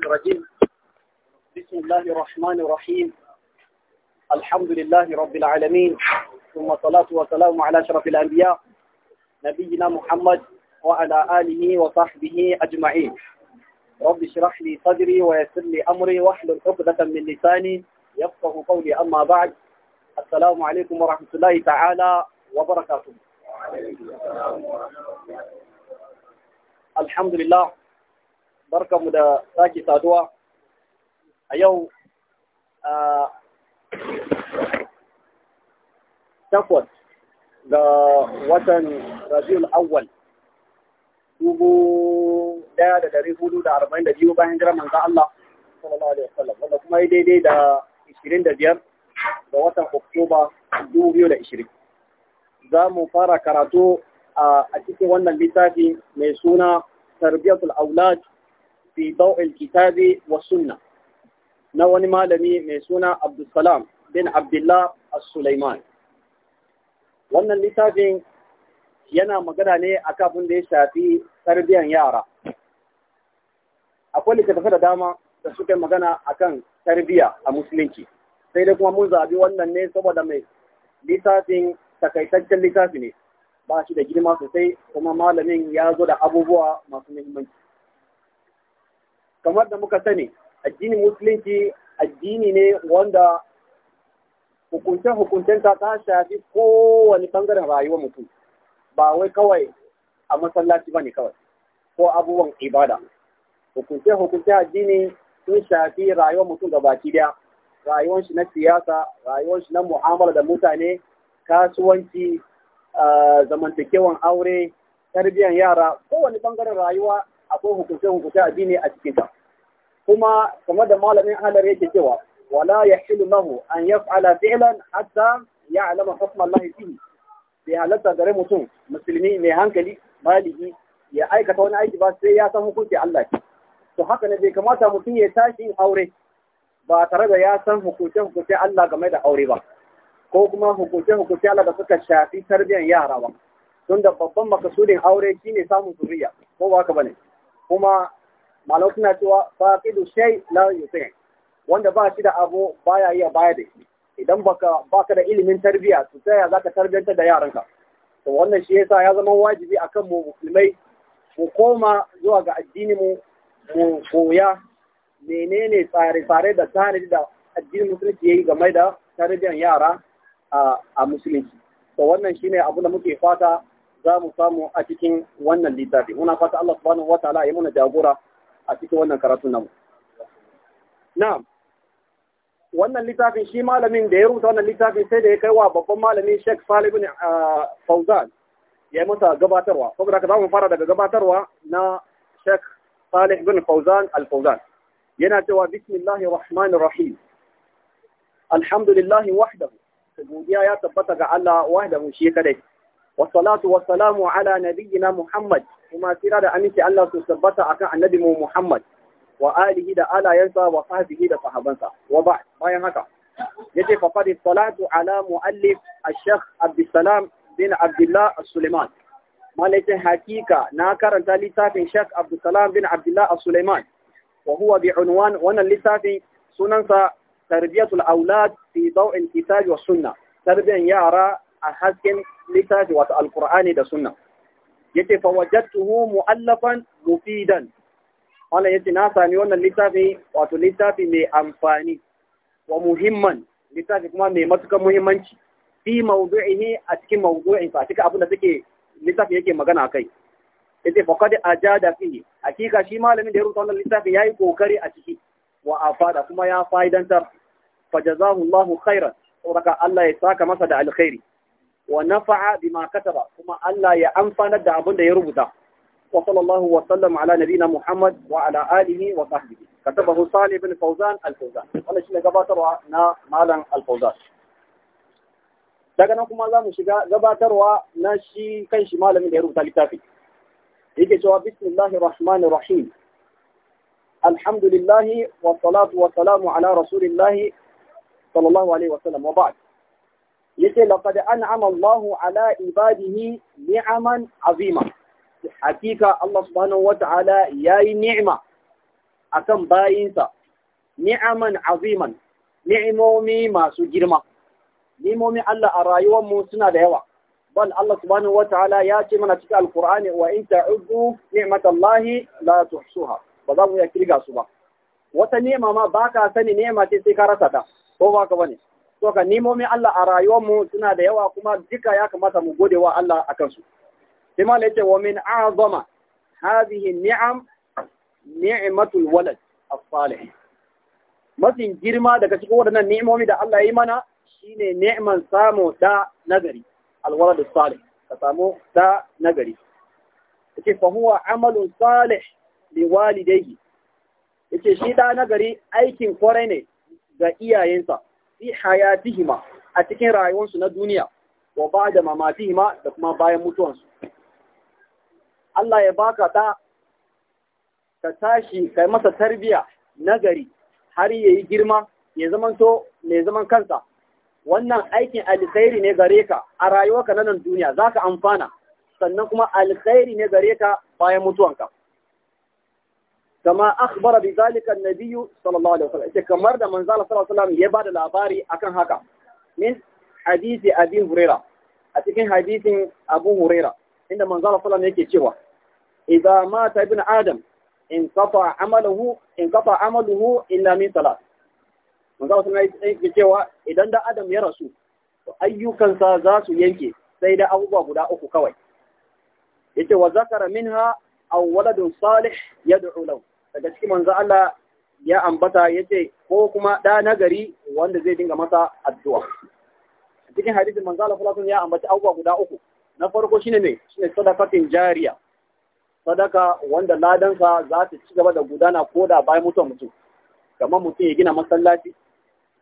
الشيطان الرجيم بسم الله الرحمن الرحيم الحمد لله رب العالمين ثم صلاة وسلام على شرف الأنبياء نبينا محمد وعلى آله وصحبه أجمعين رب اشرح لي صدري ويسر لي أمري واحلل عقدة من لساني يفقه قولي أما بعد السلام عليكم ورحمة الله تعالى وبركاته الحمد لله barkamu da sake saduwa a yau a takwas ga watan rabiul awwal dubu daya da dari hudu da arba'in da biyu bayan jiran manzo Allah sallallahu alaihi wasallam wanda kuma yi daidai da ishirin da biyar ga watan oktoba dubu biyu da ishirin za mu fara karatu a cikin wannan littafi mai suna tarbiyatul aulad fi daw'il kitabi wa sunna na wani malami mai suna Abdulsalam bin Abdullah as wannan littafin yana magana ne a kafin da ya shafi tarbiyyar yara akwai littattafai da dama da suka magana kan tarbiyya a musulunci sai dai kuma mun zabi wannan ne saboda mai littafin takaitaccen littafi ne ba shi da girma sosai kuma malamin ya zo da abubuwa masu muhimmanci kamar da muka sani addinin musulunci addini ne wanda hukuncen hukuncenta ta shafi kowane bangaren rayuwar mutum ba wai kawai a masallaci ba ne kawai ko abubuwan ibada hukuncen hukuncin addini sun shafi rayuwar mutum ga baki daya rayuwar shi na siyasa rayuwar shi na mu'amala da mutane kasuwanci ah, zamantakewan aure tarbiyyar yara kowane bangaren rayuwa akwai hukunce hukunce addini a cikin ta kuma kamar da malamin halar yake cewa wala yahilu lahu an yaf'ala fi'lan hatta ya'lama hukm Allah fihi bai halatta gare mutum musulmi mai hankali maliki ya aikata wani aiki ba sai ya san hukunci Allah to haka ne bai kamata mutum ya tashi yin aure ba tare da ya san hukunce hukunce Allah game da aure ba ko kuma hukunce hukunce Allah da suka shafi tarbiyyar yara ba tunda babban makasudin aure shine samun zuriya ko ba haka bane kuma malau suna cewa faqidu shay la yusai wanda ba shi da abu baya iya baya da shi idan baka baka da ilimin tarbiyya to ta yaya zaka tarbiyantar da yaranka to wannan shi yasa ya zama wajibi akan mu musulmai mu koma zuwa ga addini mu mu koya menene tsare-tsare da tanadi da addinin musulunci yayi game da tarbiyyar yara a musulunci to wannan shine abu da muke fata za mu samu a cikin wannan littafi muna fata Allah subhanahu wataala ya muna jagora a cikin wannan karatu namu na'am wannan littafin shi malamin da ya rubuta wannan littafin sai da ya kai wa babban malamin Sheikh Salih bin ah, Fauzan ya masa gabatarwa saboda haka za mu fara daga gabatarwa na Sheikh Salih bin Fauzan al-Fauzan yana cewa bismillahir rahmanir rahim alhamdulillah wahdahu godiya ya tabbata ga Allah wahdahu shi kadai wasalatu wasalamu ala nabiyina Muhammad, kuma tira da aminci Allah su tabbata akan annabi mu Muhammad, wa alihi da alayensa wa sahbihi da sahabansa, bayan haka. Ya ce, salatu ala mu'allif a Sheikh Abdulsalam bin Abdullah Suleiman. Malaikin hakika na karanta littafin Sheikh Abdulsalam bin Abdullah Suleiman, wa huwa bi unwan wannan littafin sunansa tarbiyatul aulad fi daw'in kitabi wa sunna. Tarbiyan yara a hasken littafi wato alkur'ani da sunna yace fa wajadtuhu mu'allafan mufidan wala yace na sami wannan littafi wato littafi mai amfani wa muhimman littafi kuma mai matukar muhimmanci fi mawdu'ihi a cikin mawdu'in fa cikin abin da take littafi yake magana kai yace fa qad ajada fi hakika shi malamin da ya rubuta wannan littafi yayi kokari a ciki wa afada kuma ya fa'idantar jazahu Allahu khairan saboda Allah ya saka masa da alkhairi wa nafa'a bima kataba kuma Allah ya amfanar da abinda ya rubuta wa sallallahu wa sallam ala nabina Muhammad wa ala alihi wa sahbihi katabahu Salih ibn Fawzan al gabatarwa na malam al daga nan kuma zamu shiga gabatarwa na shi kan shi malamin da ya rubuta littafi yake cewa bismillahir rahmanir rahim alhamdulillahi wa salatu wa salamu ala rasulillahi sallallahu alaihi wa sallam wa ba'd yace laqad an'ama Allahu ala ibadihi ni'aman azima hakika Allah subhanahu wata'ala yayi ni'ima akan bayinsa ni'aman aziman ni'imomi masu girma ni'imomi Allah a rayuwar mu suna da yawa bal Allah subhanahu wata'ala ya ce mana cikin alqur'ani wa in ta'uddu ni'matallahi la tuhsuha ba za mu iya kirga su ba wata ni'ima ma baka sani ni'ima ce sai ka rasa ta ko baka bane So ka nimomin Allah a rayuwarmu suna da yawa kuma duka ya kamata mu gode wa Allah a kansu. Sai ma yake wa min azama hadhihi ni'am ni'matul walad as-salih. Masin girma daga cikin waɗannan ni'imomi da Allah ya yi mana shine ni'man samu da nagari al-walad as-salih. Ka samu da nagari. Yace fa huwa amalun salih li walidayhi. Yace shi da nagari aikin kwarai ne ga iyayensa. fi hayatihima a cikin rayuwarsu na duniya wa ba da mamatihima da kuma bayan mutuwansu Allah ya baka ta ka tashi kai masa tarbiya nagari har yayi girma ya zamanto mai zaman kansa wannan aikin alkhairi ne gare ka a rayuwarka na nan duniya zaka amfana sannan kuma alkhairi ne gare ka bayan mutuwanka kama akhbara bi zalika an-nabiy sallallahu alaihi kamar da manzo Allah sallallahu alaihi wasallam ya bada labari akan haka min hadisi Abi Huraira a cikin hadisin Abu Huraira inda manzo Allah sallallahu alaihi wasallam yake cewa idza mata ibn adam in qata amaluhu in illa min salat manzo Allah sallallahu alaihi wasallam yake cewa idan da adam ya rasu to ayyukansa za su yanke sai da abubuwa guda uku kawai yace zakara minha aw waladun ya yad'u lahu daga cikin manzo Allah ya ambata yace ko kuma da nagari wanda zai dinga masa addu'a cikin hadisin manzo Allah sallallahu ya ambata abubuwa guda uku na farko shine ne shine sadaqatin jariya sadaka wanda ladansa za ta ci gaba da gudana ko da bayan mutuwa mutum kamar mutum ya gina masallaci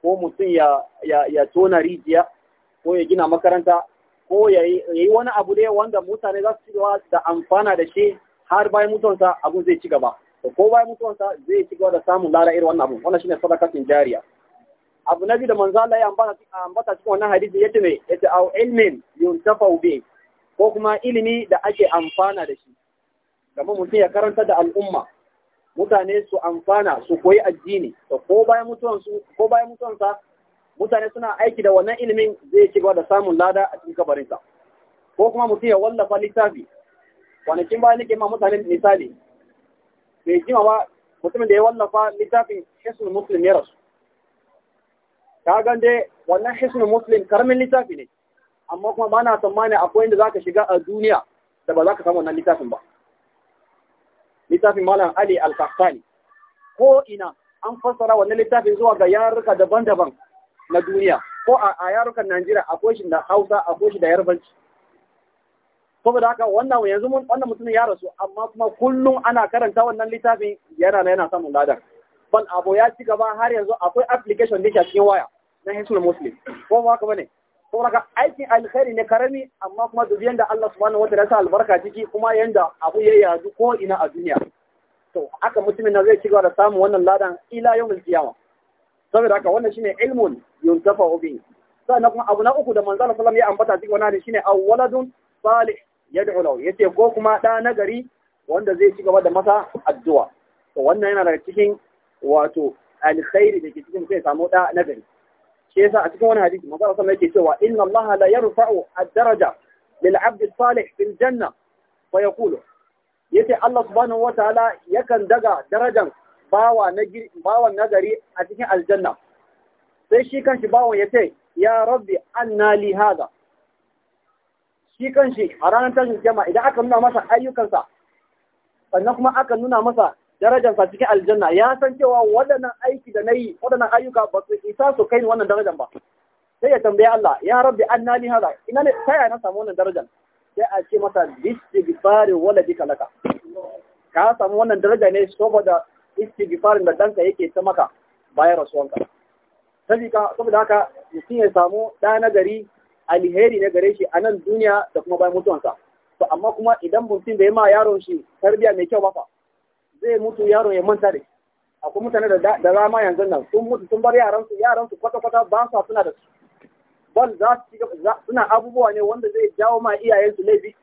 ko mutum ya ya tona rijiya ko ya gina makaranta ko ya yi wani abu ne wanda mutane za su ci gaba da amfana da shi har bayan mutuwansa abu zai ci gaba to ko bayan sa zai ci gaba da samun lada irin wannan abu wannan shine sadakatin jariya abu na biyu da manzo Allah ya ambata cikin wannan hadisi yace me yace au ilmin yuntafau bi ko kuma ilimi da ake amfana da shi kamar mutum ya karanta da al'umma mutane su amfana su koyi addini to ko bayan su ko bayan sa mutane suna aiki da wannan ilimin zai ci gaba da samun lada a cikin kabarinsa ko kuma mutum ya wallafa littafi kwanakin bayan nake ma mutane misali mai jima ba mutumin da ya wallafa littafin hisnul muslim ya rasu ka gan dai wannan hisnul muslim karamin littafi ne amma kuma ba na tsammani akwai inda zaka shiga a duniya da ba za ka samu wannan littafin ba littafin malam ali al-kahtani ko ina an fassara wannan littafin zuwa ga yaruka daban-daban na duniya ko a yarukan Najeriya akwai shi da Hausa akwai shi da Yarbanci saboda haka wannan yanzu wannan mutumin ya rasu amma kuma kullum ana karanta wannan littafin yana na yana samun ladan ban abu ya ci gaba har yanzu akwai application da ke cikin waya na hisul muslim ko ba haka bane ko haka aikin alkhairi ne karami amma kuma duk yanda Allah subhanahu wataala ya sa albarka ciki kuma yanda abu ya yadu ko ina a duniya to haka mutumin nan zai ci gaba da samun wannan ladan ila yawmul qiyama saboda haka wannan shine ilmun yuntafa bihi sannan kuma abu na uku da manzo Allah sallallahu alaihi wasallam ya ambata cikin wannan shine awwaladun salih yad'u ya yace ko kuma ɗa nagari wanda zai ci gaba da masa addu'a wannan yana daga cikin wato alkhairi da ke cikin sai samu da nagari shi yasa a cikin wani hadisi manzo sallallahu alaihi yake cewa inna allaha la rufa'u a daraja lil 'abd salih fil janna fa Ya yace Allah subhanahu wataala yakan daga darajan bawa na bawan nagari a cikin aljanna sai shi kanshi ya ce ya rabbi anna li hada shi shi a ranar tashin kiyama idan aka nuna masa ayyukansa sannan kuma aka nuna masa darajarsa cikin aljanna ya san cewa waɗannan aiki da na yi waɗannan ayyuka ba su isa su kai wannan darajar ba sai ya tambaye Allah ya rabbi annani hada ina ne yaya na samu wannan darajar sai a ce masa wala waladika laka ka samu wannan daraja ne saboda istighfarin da danka yake ta maka bayan rasuwanka sabika saboda haka mutum ya samu ɗa gari alheri na gare shi a nan duniya da kuma bayan mutuwansa to amma kuma idan mutum bai ma yaron shi tarbiya mai kyau ba fa zai mutu yaro ya manta da akwai mutane da rama yanzu nan sun mutu sun bar yaran su yaran su kwata kwata ba sa suna da su bal za su suna abubuwa ne wanda zai jawo ma iyayen su laifi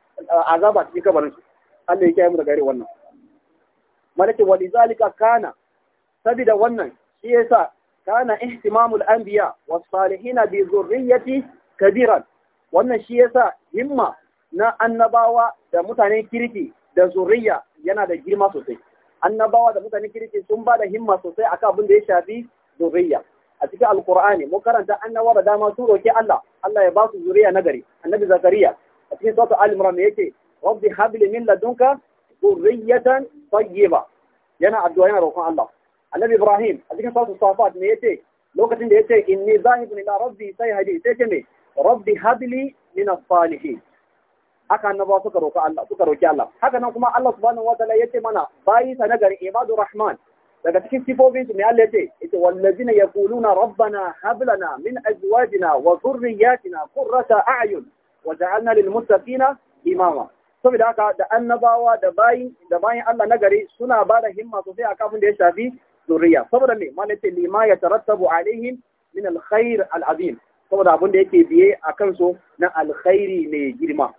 azaba cikin kabarin su Allah ya kiyaye mu daga irin wannan malaki walizalika kana sabida wannan shi yasa kana ihtimamul anbiya was salihina bi zurriyyati kabiran wannan shi yasa himma na annabawa da mutanen kirki da zuriya yana da girma sosai annabawa da mutanen kirki sun ba da himma sosai akan abin da ya shafi zuriya a cikin alkur'ani mun karanta annabawa da dama sun roki Allah Allah ya ba su zuriya nagari annabi zakariya a cikin sura al-imran yake rabbi hab min ladunka zurriyatan tayyiba yana addu'a yana roƙon Allah annabi ibrahim a cikin sura safat ne yace lokacin da yace inni zahibun ila rabbi sayhadi sai ce me rabbi habli min as-salihin haka annaba suka Allah suka roƙi Allah haka nan kuma Allah subhanahu wataala yace mana bayi sa nagari ibadu rahman daga cikin sifofin su me Allah yace yace wallazina yaquluna rabbana hab lana min azwajina wa dhurriyyatina qurrata a'yun waj'alna lil muttaqina imama saboda haka da annabawa da bayi da bayin Allah nagari suna ba da himma sosai akan kafin da ya shafi zuriya saboda me malaka lima yatarattabu alaihim min alkhair alazim saboda abin da yake biye a kansu na alkhairi mai girma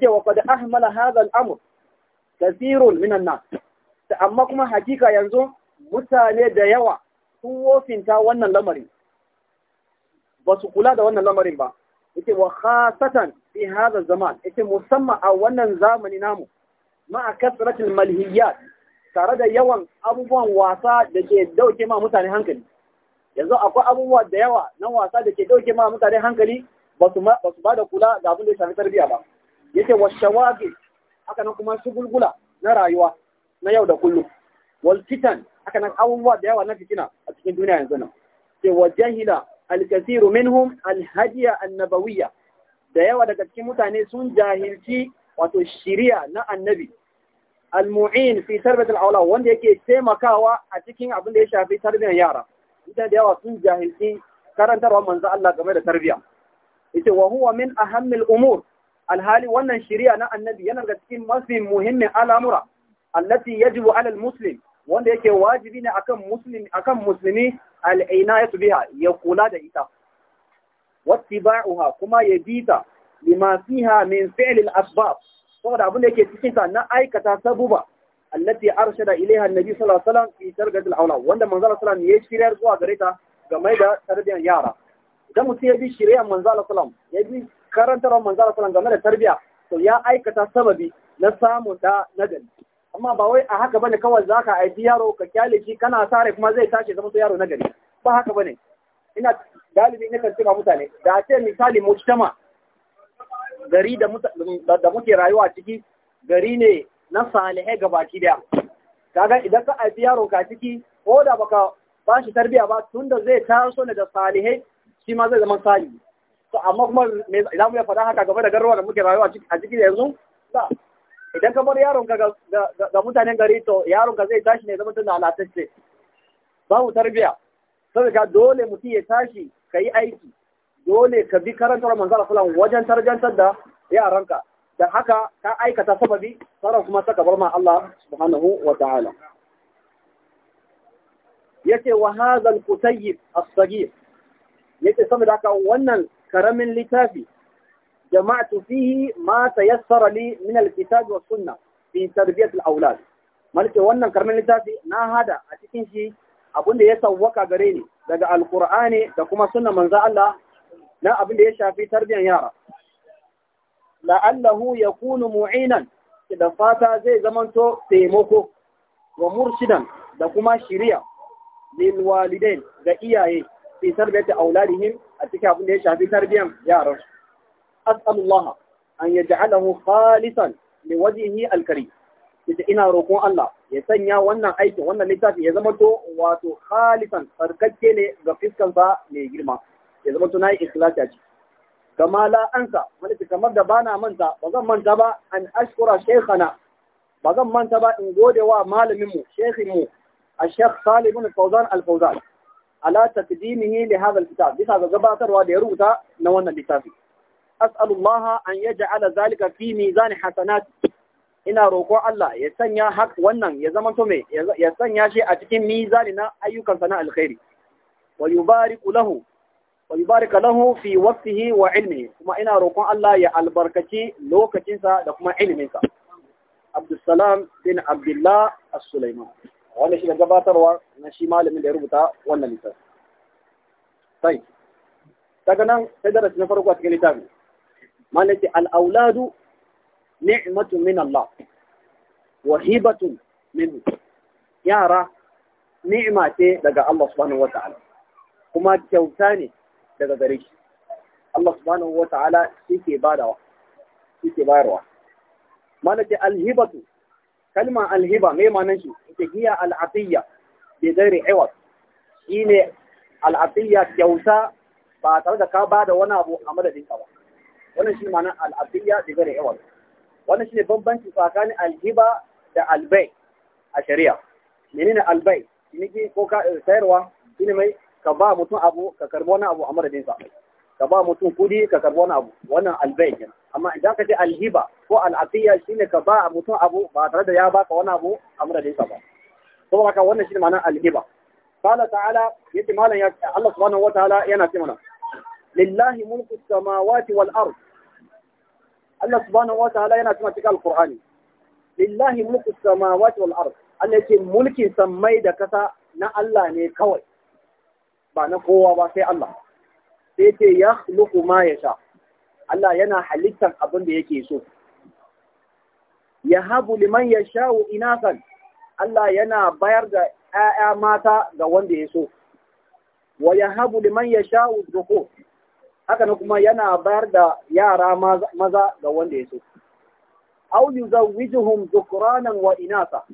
ce wa qad ahmala hazal amur, amr minan min Ta amma kuma hakika yanzu mutane da yawa sun wofinta wannan lamarin ba su kula da wannan lamarin ba yake wa khasatan fi zama? zaman yake musamman a wannan zamani namu ma'a kasratil malhiyat tare da yawan abubuwan wasa da ke dauke ma mutane hankali yanzu akwai abubuwa da yawa na wasa da ke dauke ma mutane hankali ba su ba da kula ga abin da ya shafi tarbiyya ba yace wa shawagi haka nan kuma shugulgula na rayuwa na yau da kullum wal fitan haka nan abubuwa da yawa na fitina a cikin duniya yanzu nan ce wa jahila alkasiru kathiru minhum al hadiya da yawa daga cikin mutane sun jahilci wato shiriya na annabi al mu'in fi tarbiyatil aula wanda yake taimakawa a cikin abin da ya shafi tarbiyyar yara mutane da yawa sun jahilci karantarwa manzo Allah game da tarbiyya yace wa huwa min ahammil umur alhali wannan shari'a na annabi yana daga cikin mafi muhimmin al'amura allati yajibu ala muslim wanda yake wajibi ne akan muslim akan muslimi al'inayatu biha ya kula da ita wattiba'uha kuma ya bita lima fiha min fi'l al-asbab saboda abin da yake cikin ta na aikata sabuba allati arshada ilaiha annabi sallallahu alaihi wasallam fi tarbiyatil aula wanda manzo sallallahu alaihi wasallam ya shiryar zuwa gare ta game da tarbiyyar yara idan mutum ya bi shirya manzo sallallahu alaihi ya bi karantar manzo sallallahu alaihi game da tarbiyya to ya aikata sababi na samun da nagari amma ba wai a haka bane kawai zaka aiki yaro ka kyale shi kana sare kuma zai tashi zama to yaro nagari ba haka bane ina galibi ne kan cewa mutane da a ce misali mujtama gari da da muke rayuwa ciki gari ne na salihai ga baki daya kaga idan ka aifi yaro ka ciki ko da baka ba shi tarbiya ba tunda zai taso ne da salihai shi ma zai zama sali to amma kuma me mu ya faɗa haka gaba da garuwa da muke rayuwa a ciki yanzu idan ka bar yaron ka ga mutanen gari to yaron ka zai tashi ne zama tun lalatacce babu tarbiya saboda dole mutum ya tashi ka yi aiki dole ka bi karantar manzara fulan wajen tarjantar da yaranka Da haka ka aikata sababi sauran kuma saka bar ma Allah subhanahu wa ta'ala yace wa hadha al-qutayyib as-saghir yace saboda haka wannan karamin littafi jama'tu fihi ma tayassara li min al wa sunnah fi tarbiyat al-awlad malike wannan karamin littafi na hada a cikin shi abinda ya sawwaka gare ni daga alqur'ani da kuma sunna manzo Allah na abinda ya shafi tarbiyan yara ya yakunu mu'inan da fata zai zamanto taimako wa murshidan da kuma shiriya lil walidain ga iyaye fi tarbiyati auladihim a cikin abin da ya shafi tarbiyan yaran as'alullah an yaj'alahu khalisan liwajhihi alkarim kace ina roƙon Allah ya sanya wannan aikin wannan littafi ya zama to wato khalisan sarkakke ne ga fiskansa mai girma ya zama to nayi ikhlasi a ciki kama la ansa wani ce kamar da bana manta ba zan manta ba an ashkura shaykhana ba zan manta ba in gode wa malamin mu shaykhin mu الشيخ صالح بن الفوزان الفوزان على تقديمه لهذا الكتاب بس هذا زباتر وديروتا نوانا لتافي أسأل الله أن يجعل ذلك في ميزان حسنات إنا روكو الله يسنيا حق ونن يزمن تومي يسنيا شيء أتكين ميزاننا أيوكا سناء الخير ويبارك له wa yubarika lahu fi waqtihi wa ilmihi kuma ina roƙon Allah ya albarkaci lokacinsa da kuma iliminsa Abdulsalam bin Abdullah As-Sulaiman wannan shi da gabatarwa na shi malamin da ya rubuta wannan littafi sai daga nan sai darasi na farko a cikin littafin malaki al-auladu ni'matu min Allah wa hibatun minhu yara ni'ima ce daga Allah subhanahu wa ta'ala kuma kyauta ne daga gare shi Allah subhanahu wa ta'ala yake badawa yake bayarwa mana ce alhibatu kalma alhiba mai manan shi ita hiya al'atiyya bi ghairi iwad shine al'atiyya kyauta ba tare da ka bada wani abu a madadin ka ba wannan shi ma'anar al'atiyya bi ghairi iwad wannan shine bambanci tsakanin alhiba da albai a shari'a menene albai ciniki ko ka eh, sayarwa shine mai ka ba mutum abu ka karbi wani abu a madadin sa ka ba mutum kudi ka karbi wani abu wannan albay kenan amma idan ka ce alhiba ko al'afiya shine ka ba mutum abu ba tare da ya baka wani abu a madadin sa ba saboda haka wannan shine ma'anar alhiba qala ta'ala yace malam ya Allah subhanahu wataala yana ce mana lillahi mulku samawati wal ard Allah subhanahu wataala yana cewa cikin alqur'ani lillahi mulku samawati wal ard Allah yake mulkin sammai da kasa na Allah ne kawai ba na kowa ba sai Allah sai ce ya khluqu ma ya sha. Allah yana halittar abin da yake so Ya habu liman ya yasha'u inasan Allah yana bayar da ‘ya'ya mata ga wanda ya so, wa ya habu liman ya sha'u zuko, haka na kuma yana bayar da yara maza ga wanda ya so. Au yi zawijuhun zukuranan wa inasa,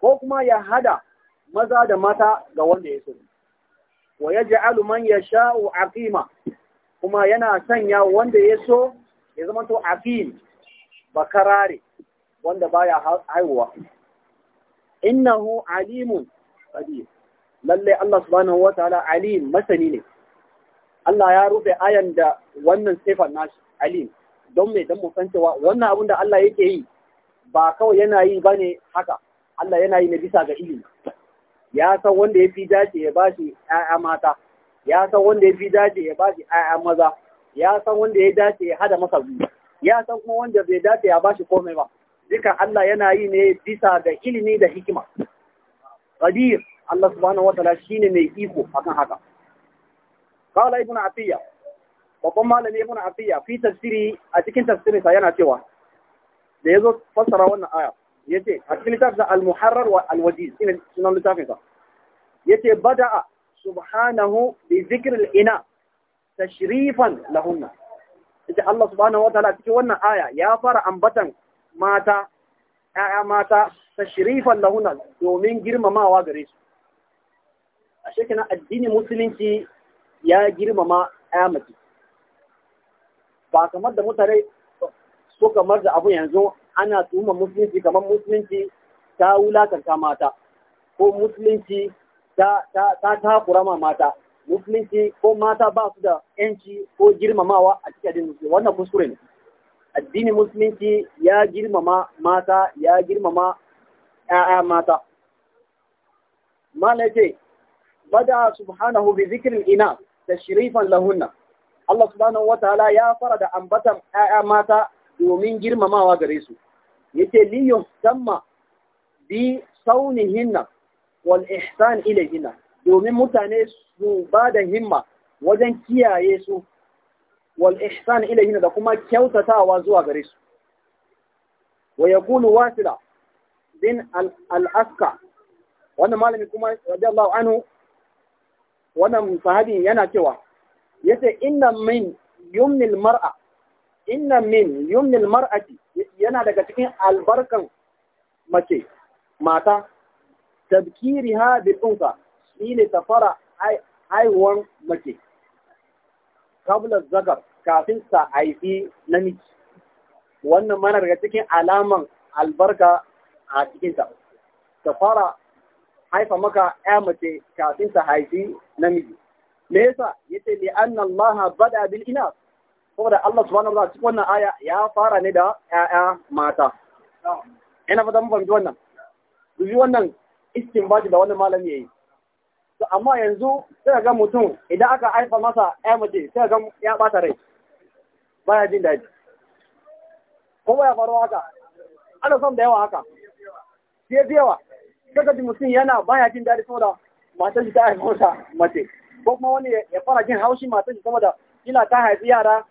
ko kuma ya hada maza da mata ga wanda ya so. wa ya yaj'alu man a aqima kuma yana sanya wanda ya so ya zama to ba bakarare wanda ya haihuwa innahu alimun qadir lalle Allah subhanahu Ta'ala alim masani ne Allah ya rufe ayan da wannan sifar nashi alim don me don mu san cewa wannan abin da Allah yake yi ba kawai yana yi bane haka Allah yana yi ne bisa ga ilimi ya san wanda ya fi dace ya bashi ‘ya'ya mata, ya san wanda ya fi dace ya bashi ‘ya'ya maza, ya san wanda ya dace ya hada masa biyu, ya san kuma wanda bai dace ya bashi komai ba. Dukan Allah yana yi ne bisa ga ilimi da hikima. Qadir Allah subhanahu wa ta'ala shine mai iko akan haka. Qala Ibn Atiyya babban malami Ibn Atiyya fi tafsiri a cikin tafsirinsa yana cewa da yazo fassara wannan aya yace a cikin littafin al-muharrar wa al-wajiz ina sunan littafin sa yace bada'a subhanahu bi zikr al-ina tashrifan lahunna yace Allah subhanahu wa ta'ala cikin wannan aya ya fara ambatan mata ƴaƴa mata tashrifan lahunna domin girmamawa gare su A kana addinin musulunci ya girmama ƴa mace ba kamar da mutane su kamar da abu yanzu ana tuhumar musulunci kamar musulunci ta wulakanta mata ko musulunci ta takura mata musulunci ko mata ba su da yanci ko girmamawa a cikin addinin musulunci wannan kuskure ne addinin musulunci ya girmama mata ya girmama ‘ya'ya mata ce bada subhanahu bi zikirin ina da shirifan lahunna Allah subhanahu wa ta'ala ya fara da ambatan ‘ya'ya mata domin girmamawa gare su yace li yusamma bi saunihinna wal ihsan ilayhinna domin mutane su bada himma wajen kiyaye su wal ihsan ilayhinna da kuma kyautatawa zuwa gare su wa yaqulu wasila bin al-aska wannan malami kuma radiyallahu anhu wannan sahabi yana cewa yace inna min yumnil mar'a inna min yumnil mar'ati yana daga cikin albarkan mace mata tabkiriha bil unsa shine ta fara haihuwan mace kabla zakar kafin sa haifi namiji wannan mana daga cikin alaman albarka a cikin ta fara haifa maka ya mace kafin ta haifi namiji me yasa yace li anna allaha bada bil inas saboda Allah subhanahu wa ta'ala cikin wannan aya ya fara ne da ƴaƴa mata ina fata mun fahimci wannan dubi wannan istinbaji da wannan malami yayi to amma yanzu sai ga mutum idan aka haifa masa ƴa mace sai ga ya bata rai baya jin daɗi ko ya faru haka ana son da yawa haka sai da yawa kaga mutum yana baya jin daɗi saboda matan shi ta haifa masa mace ko kuma wani ya fara jin haushi matan shi saboda kila ta haifi yara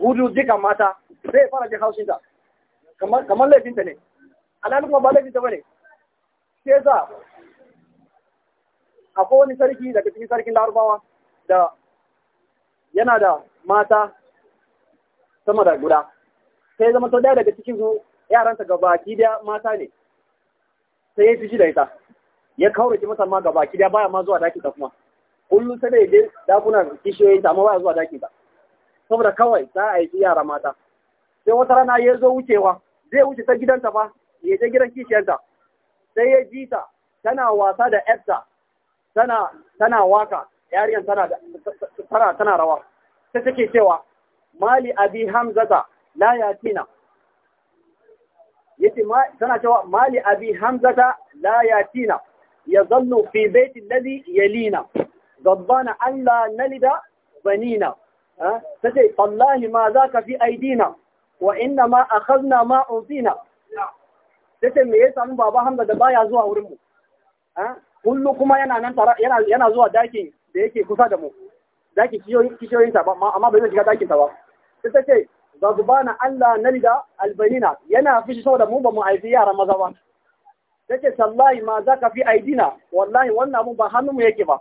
hudu duka mata zai fara jin haushinta kamar laifinta ne alhali kuma ba laifinta ba ne sai a ko wani sarki daga cikin sarkin larubawa da yana da mata sama da guda sai zama to daya daga cikin su yaranta gabaki da mata ne sai ya fi da ita ya ki masa ma baki da baya ma zuwa dakin ta kuma kullum sai da ya je dakunan ta amma baya zuwa dakin ta saboda kawai za a yi yara mata sai wata rana ya zo wucewa zai wuce ta gidanta fa ya je gidan kishiyarta sai ya ji ta tana wasa da yarta tana tana waka yariyan tana rawa sai take cewa mali abi hamzata la yatina yace tana cewa mali abi hamzata la yatina yadhallu fi baiti alladhi yalina gabbana allah nalida banina ta ce tallahi ma za ka fi aidina wa inna ma a kazna ma unsina ta ce me ya samu baba hamza da baya zuwa wurinmu kullu kuma yana nan yana zuwa dakin da yake kusa da mu dakin kishiyoyinta ba amma bai zai shiga dakinta ba ta ce gazbana Allah na liga albanina yana fushi sau da mu ba mu haifi yara maza ba ta ce tallahi ma za ka fi aidina wallahi wannan mu ba hannun hannunmu yake ba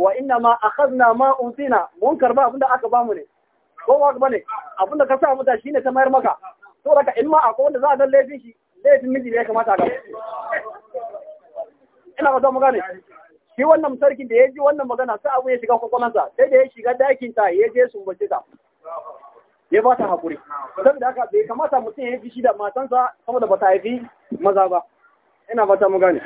wa inna ma akhadna ma unsina mun karba abinda aka bamu ne ko ba bane abinda ka sa da shine ta mayar maka to daga in ma akwai wanda za a dan laifin shi laifin miji ne ya kamata ga ina ga mu gane shi wannan sarkin da ya ji wannan magana sai abu ya shiga sa sai da ya shiga dakin ta ya je sumbace ta ya ba ta hakuri saboda haka bai kamata mutum ya yi fushi da matansa saboda ba ta haifi maza ba ina ba ta mu gane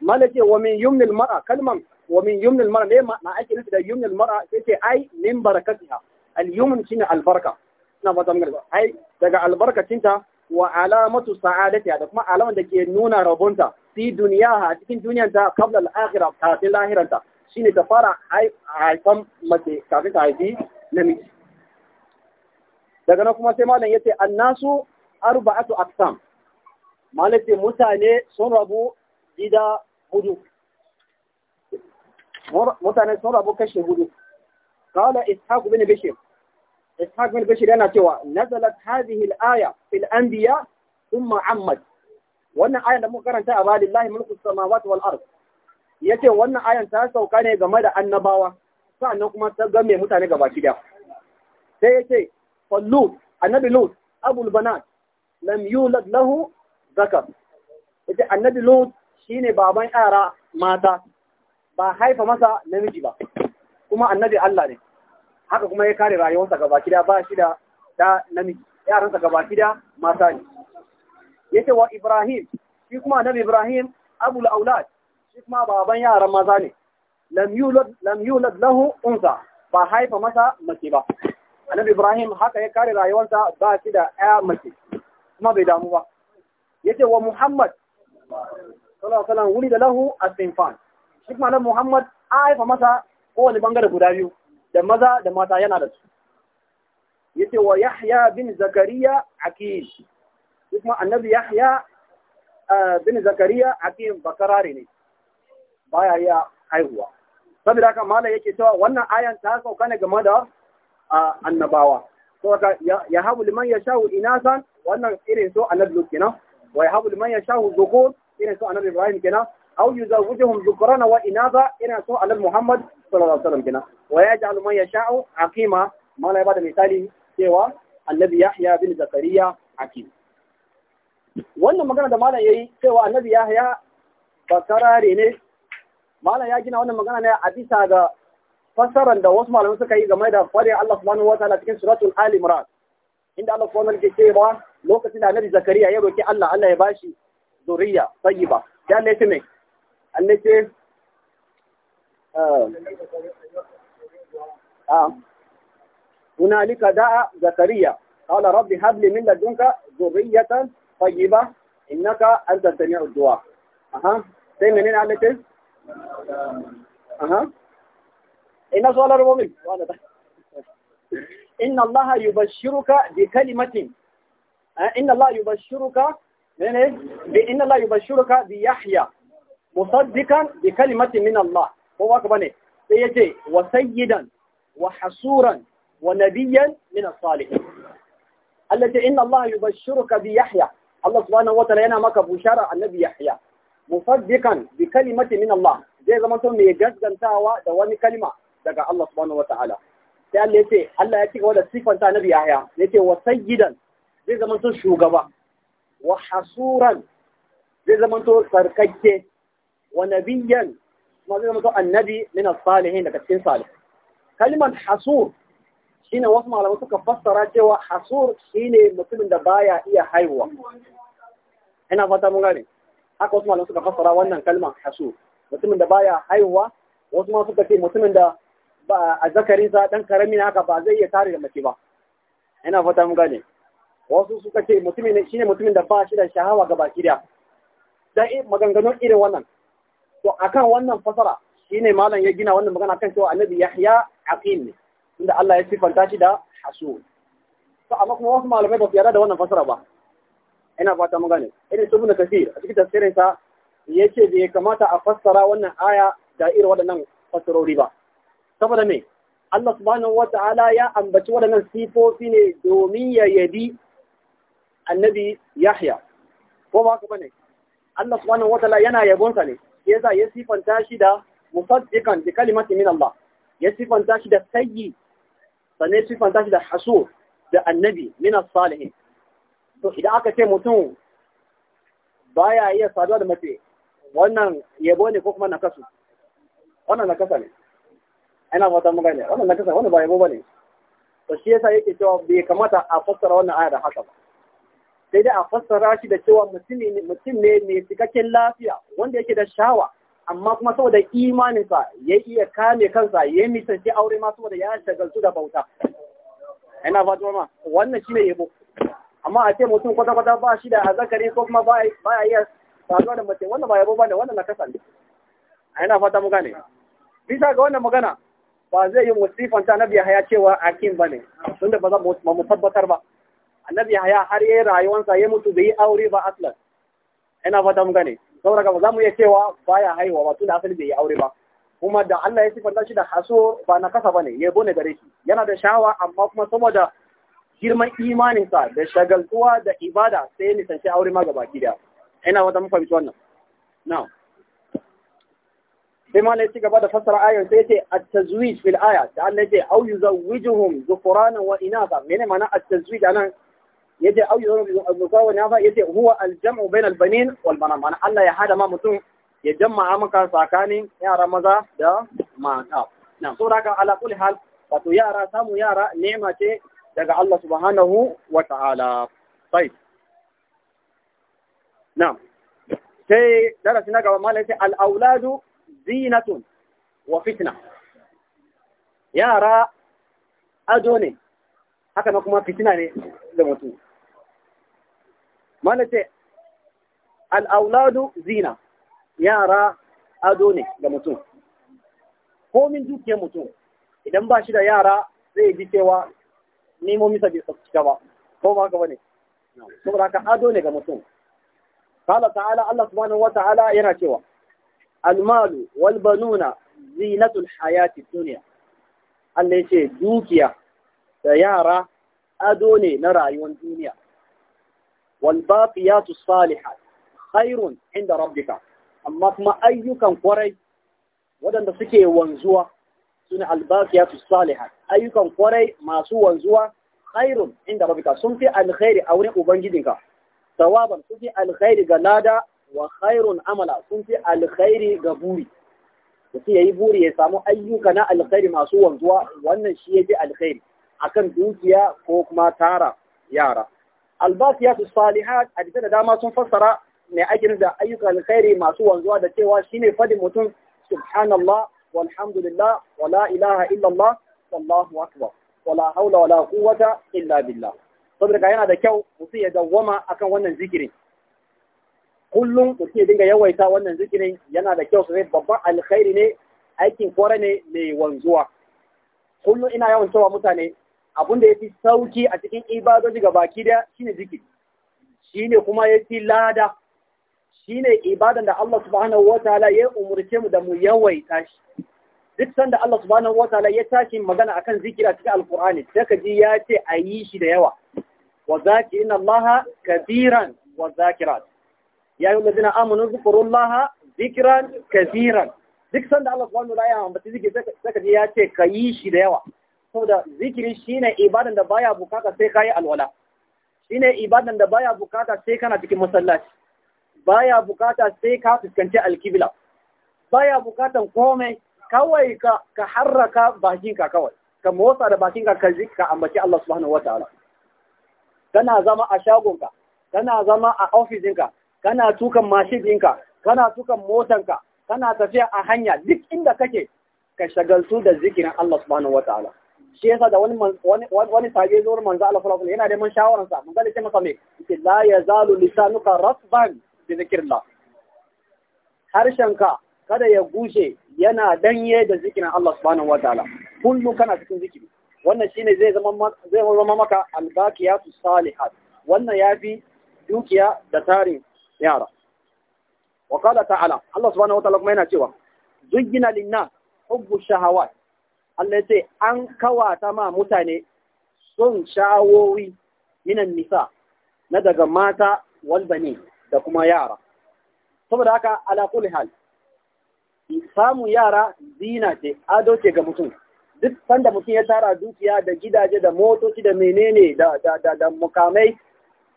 mana ce wa min yumnil mar'a kalman wa min yumnil mar'a ne ma ake nufi da yumnil mar'a sai ce ai min barakatiha al yumn shine albarka ina fata mun ai daga albarkacinta wa alamatu sa'adatiha da kuma alaman da ke nuna rabonta fi duniyaha cikin duniyanta qabla al akhirah kafin lahiranta shine ta fara haifan mace kafin ta haifi namiji daga nan kuma sai malam yace annasu arba'atu aqsam malam ce mutane sun rabu gida hudu mutane sun rabu kashe hudu qala ishaq bin bishir ishaq bin bishir yana cewa nazalat hadhihi al-aya fil anbiya thumma ammat wannan aya da muka karanta a bali lillahi mulku samawati wal ard yace wannan ayan ta sauka ne game da annabawa sannan kuma ta game mutane gaba kida sai yace fallut annabi lut abul banat lam yulad lahu zakar yace annabi lut shine baban yara mata ba haifa masa namiji ba kuma annabi Allah ne haka kuma ya kare rayuwarsa gaba kida ba shi da da namiji yaransa gaba kida mata ne yace wa Ibrahim shi kuma annabi Ibrahim abul aulad shi kuma baban yaran maza ne lam yulad lam yulad lahu unsa ba haifa masa mace ba annabi Ibrahim haka ya kare rayuwarsa ba shi da ya mace kuma bai damu ba yace wa Muhammad sallallahu alaihi wasallam wulida lahu as-sinfan shi kuma Muhammad a haifa masa kowane bangare guda biyu da maza da mata yana da su yace wa Yahya bin Zakariya Aqil shi kuma annabi Yahya bin Zakariya Aqil bakarare ne baya ya haihuwa saboda haka malai yake cewa wannan ayan ta sauka ne game da annabawa saboda ya habu liman yashahu inasan wannan irin so annabi kenan wa ya habu liman ya yashahu dhukur irin su annabi Ibrahim kenan aw yuzawwijuhum dhukrana wa inatha irin su annabi Muhammad sallallahu alaihi wasallam kenan wa yaj'alu man yasha'u aqima mala ya bada misali cewa annabi Yahya bin Zakariya aqim wannan magana da malam yayi cewa annabi Yahya bakarare ne malam ya gina wannan magana ne a bisa ga fassarar da wasu malamai suka yi game da fare Allah subhanahu wataala cikin suratul Ali Imran inda Allah subhanahu wataala ke cewa lokacin da Annabi Zakariya ya roki Allah Allah ya bashi ذرية طيبة ده اللي اسمه التي آه. آه. هنالك دعا زكريا قال رب هب لي من لدنك ذرية طيبة إنك أنت سميع الدعاء أها سي منين التي إيه؟ أها إن سؤال الرومي إن الله يبشرك بكلمة آه. إن الله يبشرك mene bi inna la yubashshiruka bi yahya musaddiqan bi kalimati min Allah ko waka bane sai yace wa sayyidan wa hasuran wa nabiyyan min as-salihin allati inna Allah yubashshiruka bi yahya Allah subhanahu wataala yana maka bushara annabi yahya musaddiqan bi kalimati min Allah zai zama to mai gaskantawa da wani kalma daga Allah subhanahu wataala sai Allah yace Allah ya cika da sifanta annabi yahya yace wa sayyidan zai zama to shugaba wa hasuran zai zamanto sarkakke wa nabiyyan kuma zai zamanto annabi min as-salihin daga cikin salih kalmar hasur shine wasu malamai suka fassara cewa hasur shine mutumin da baya iya haihuwa ina fata mun gane haka wasu malamai suka fassara wannan kalmar hasur mutumin da baya haihuwa wasu ma suka ce mutumin da ba a zakarinsa dan karami haka ba zai iya tare da mace ba ina fata mun gane wasu suka ce mutumin ne shine mutumin da ba shi da shahawa ga baki da dan eh, maganganun irin wannan to akan wannan fasara shine malam ya gina wannan magana kan cewa annabi Yahya aqim ne inda Allah ya sifanta shi da hasu to amma kuma wasu malamai ba su yarda da wannan fasara ba ina fata mun gane irin su ibn kasir a cikin tafsirin sa yace bai kamata a fassara wannan aya da irin waɗannan fasarori ba saboda me Allah subhanahu ta'ala ya ambaci waɗannan sifofi ne domin ya yabi annabi Yahya ko ba ka bane Allah subhanahu wataala yana yabonsa ne yasa ya sifanta shi da musaddiqan bi kalimati min Allah ya sifanta shi da sayyi sannan sifanta shi da hasur da annabi min as-salihin to idan aka ce mutum baya iya saduwa da mace wannan yabo ne ko kuma nakasu wannan nakasa ne ina fata mun gane wannan nakasa wannan ba yabo bane to shi yasa yake cewa bai kamata a fassara wannan aya da haka ba sai dai a fassara shi da cewa mutum ne mai cikakken lafiya wanda yake da shawa amma kuma saboda imaninsa ya iya kame kansa ya nisanci aure ma saboda ya shagaltu da bauta ina fatuwa ma wannan shi ne yabo amma a ce mutum kwata-kwata ba shi da azakari ko kuma ba ya iya saduwa da mutum wannan ba yabo ba ne wannan na kasa ne ina fata mu gane bisa ga wannan magana ba zai yi musifanta na biya haya cewa akin ba ne tunda ba za mu tabbatar ba annabi haya har yayi rayuwansa ya mutu bai aure ba aslan ina fata mun gane saboda ba za mu iya cewa baya haihuwa ba tunda asali bai yi aure ba kuma da Allah ya sifanta shi da haso ba na kasa bane yabo ne gare shi yana da shawa amma kuma saboda girman imaninsa da shagaltuwa da ibada sai ya nisanci aure ma gaba ki ina wata mun fahimci wannan now sai malai ci gaba da fassara ayar sai yace at-tazwij fil aya da Allah yace au yuzawwijuhum dhukranan wa inatha mene mana at-tazwij anan yace au yuzuru al-musawa na fa yace huwa Aljamu jamu bayna al-banin wal banat ma'ana Allah ya hada ma mutum ya jama'a maka tsakanin yara maza da mata na so da ala kulli hal wato yara samu yara ni'ima ce daga Allah subhanahu wa ta'ala sai na sai darasi na gaba malai sai al-auladu zinatun wa fitna yara ado ne haka na kuma fitina ne da mutum mana ce al'auladu zina yara ado ne ga mutum komin dukiyar mutum idan ba shi da yara zai ji cewa nemomi sabi cika ba ko ba ka bane saboda ka ado ne ga mutum kala ta'ala Allah subhanahu wa ta'ala yana cewa almalu wal banuna zinatul hayati dunya Allah yace dukiya da yara ado ne na rayuwar duniya والباقيات الصالحات khairun inda rabbika amma kuma ayyukan kwarai waɗanda suke wanzuwa suna albasiyatu salihat ayyukan kwarai masu wanzuwa khairun inda rabbika sun fi alkhairi a wurin ubangijinka tawaban sun fi alkhairi ga lada wa khairun amala sun fi alkhairi ga buri mutum yayi buri ya samu ayyuka na alkhairi masu wanzuwa wannan shi fi alkhairi akan dukiya ko kuma tara yara albasiyatu salihat hadisi da dama sun fassara mai aikin da ayyukan alkhairi masu wanzuwa da cewa shine fadin mutum subhanallah walhamdulillah wala ilaha illallah wallahu akbar wala haula wala quwwata illa billah saboda yana da kyau mutum ya dawwama akan wannan zikirin kullum mutum ya dinga yawaita wannan zikirin yana da kyau sosai babban alkhairi ne aikin kore ne mai wanzuwa kullum ina yawan cewa mutane abin da ya fi sauki a cikin ibadoji ga baki daya shine zikiri shine kuma ya fi lada shine ibadan da Allah subhanahu wataala ya umurce mu da mu yawaita shi duk sanda Allah subhanahu wataala ya tashi magana akan zikiri a cikin alqur'ani sai ka ji ya ce a yi shi da yawa wa zakirina Allah kabiran wa zakirat ya yi ladina amanu zikurullaha Zikiran kabiran duk sanda Allah subhanahu wataala ya ambaci zikiri sai ka ji ya ce ka yi shi da yawa saboda zikiri shine ibadan da baya bukata sai kayi alwala shine ibadan da baya bukata sai kana cikin masallaci baya bukata sai ka fuskanci alkibla baya bukatan komai kawai ka harraka bakinka kawai ka motsa da bakinka ka zikka ambaci Allah subhanahu wataala kana zama a shagonka kana zama a ofisinka kana tukan mashidinka kana tukan motanka kana tafiya a hanya duk inda kake ka shagaltu da zikirin Allah subhanahu wataala shi yasa da wani wani wani sahabi zuwa manzo Allah sallallahu alaihi yana neman shawaran sa manzo ya masa me yace la yazalu lisanuka rasban bi zikrillah harshenka kada ya gushe yana danye da zikirin Allah subhanahu wataala kullu kana cikin zikiri wannan shine zai zama zai zama maka albaqiyatu salihat wannan yafi dukiya da tarin yara wa qala ta'ala Allah subhanahu wataala kuma yana cewa zuyyina lin-nas hubbu shahawat Allah ya ce an kawata ma mutane sun shawowi minan nisa na daga mata walbani da kuma yara. Saboda haka alaƙul hal, samun yara zina ce, ado ce ga mutum, duk sanda mutum ya tara dukiya da gidaje da motoci da menene da mukamai,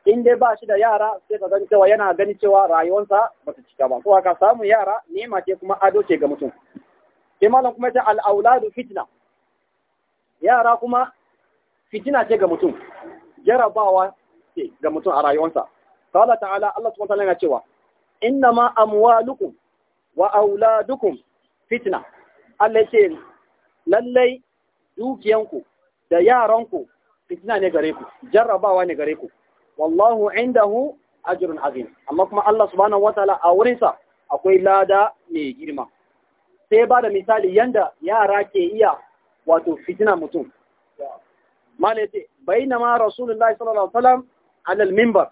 in dai ba shi da yara sai ka cewa yana gani cewa rayuwarsa ba ta cika ba. Saboda haka samun yara nema ce kuma ado ce ga mutum. sai malam kuma ta al'auladu fitna yara kuma fitina ce ga mutum jarabawa ce ga mutum a rayuwarsa Kala ta'ala Allah su wa ta'ala yana cewa innama amwalukum wa auladukum fitna Allah ce lallai dukiyanku da yaranku fitina ne gare ku Jarabawa ne gare ku wallahu hu ajirun azim amma kuma Allah su wa wata a wurinsa akwai lada mai girma sai ba da misali yanda yara ke iya wato fitina mutum mala ce ma rasulullahi sallallahu alaihi wasallam alal mimbar.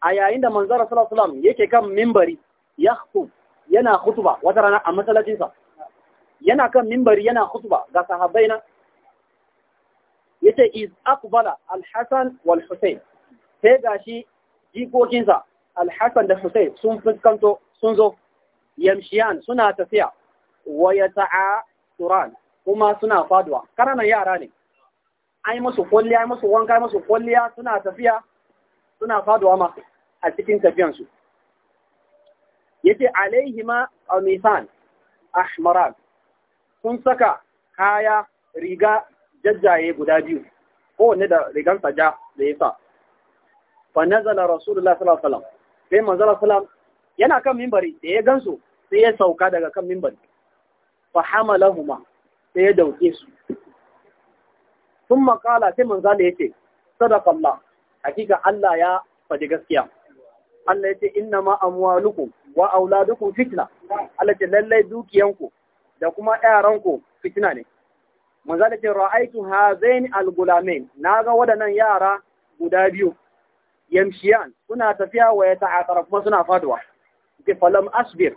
a yayin da manzara sallallahu alaihi wasallam yake kan mimbari ya hukum yana khutuba wata rana a masallacin sa yana kan mimbari yana khutuba ga sahabbai nan yace iz aqbala al-hasan wal husayn sai gashi jikokin sa al da husayn sun fuskanto sun zo yamshiyan suna tafiya wa turan kuma suna faduwa karanan yara ne ai musu kwalliya ai musu wanka ai musu kwalliya suna tafiya suna faduwa ma a cikin tafiyansu yace alaihima qamisan ahmaran sun saka kaya riga jajjaye guda biyu ko ne da rigan ja da yasa fa nazala rasulullah sallallahu alaihi wasallam sai manzala sallam yana kan mimbari da ya gansu sai ya sauka daga kan mimbari fahamalahuma sai ya dauke su sun makala sai manza da ya ce sadaqallah hakika Allah ya faɗi gaskiya Allah ya ce inna ma amwalukum wa auladukum fitna Allah ce lallai dukiyanku da kuma yaranku fitina ne manza da ce ra'aytu hazain al Na ga waɗannan yara guda biyu yamshiyan suna tafiya wa ya ta'aqara kuma suna faduwa ke falam asbir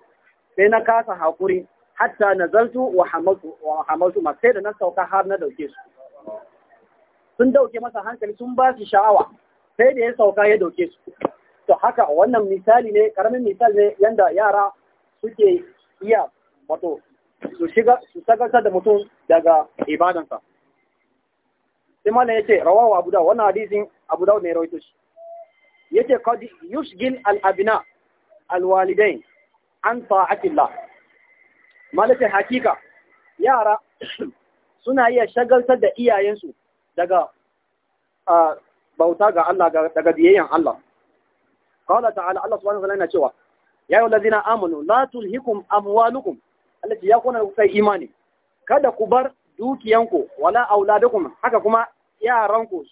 sai na kasa haƙuri. hatta na wa wa Hamasu ma sai da nan sauka har na dauke su sun dauke masa hankali sun ba shi sha'awa sai da ya sauka ya dauke su to haka wannan misali ne karamin misali ne yanda yara suke iya wato su shiga su sagarsa da mutum daga ibadansa sai ya ce rawawa abu da wannan hadisin abu da ne rawaito shi yace qad yushgil al abina al walidain an ta'atillah Malafin hakika yara suna iya shagaltar da iyayensu daga bauta ga Allah daga biyayyan Allah qala ta'ala Allah subhanahu wa ta'ala yana cewa ya ayyuhal ladzina amanu la tulhikum amwalukum allati yakuna kai imani kada ku bar dukiyanku wala auladukum haka kuma yaranku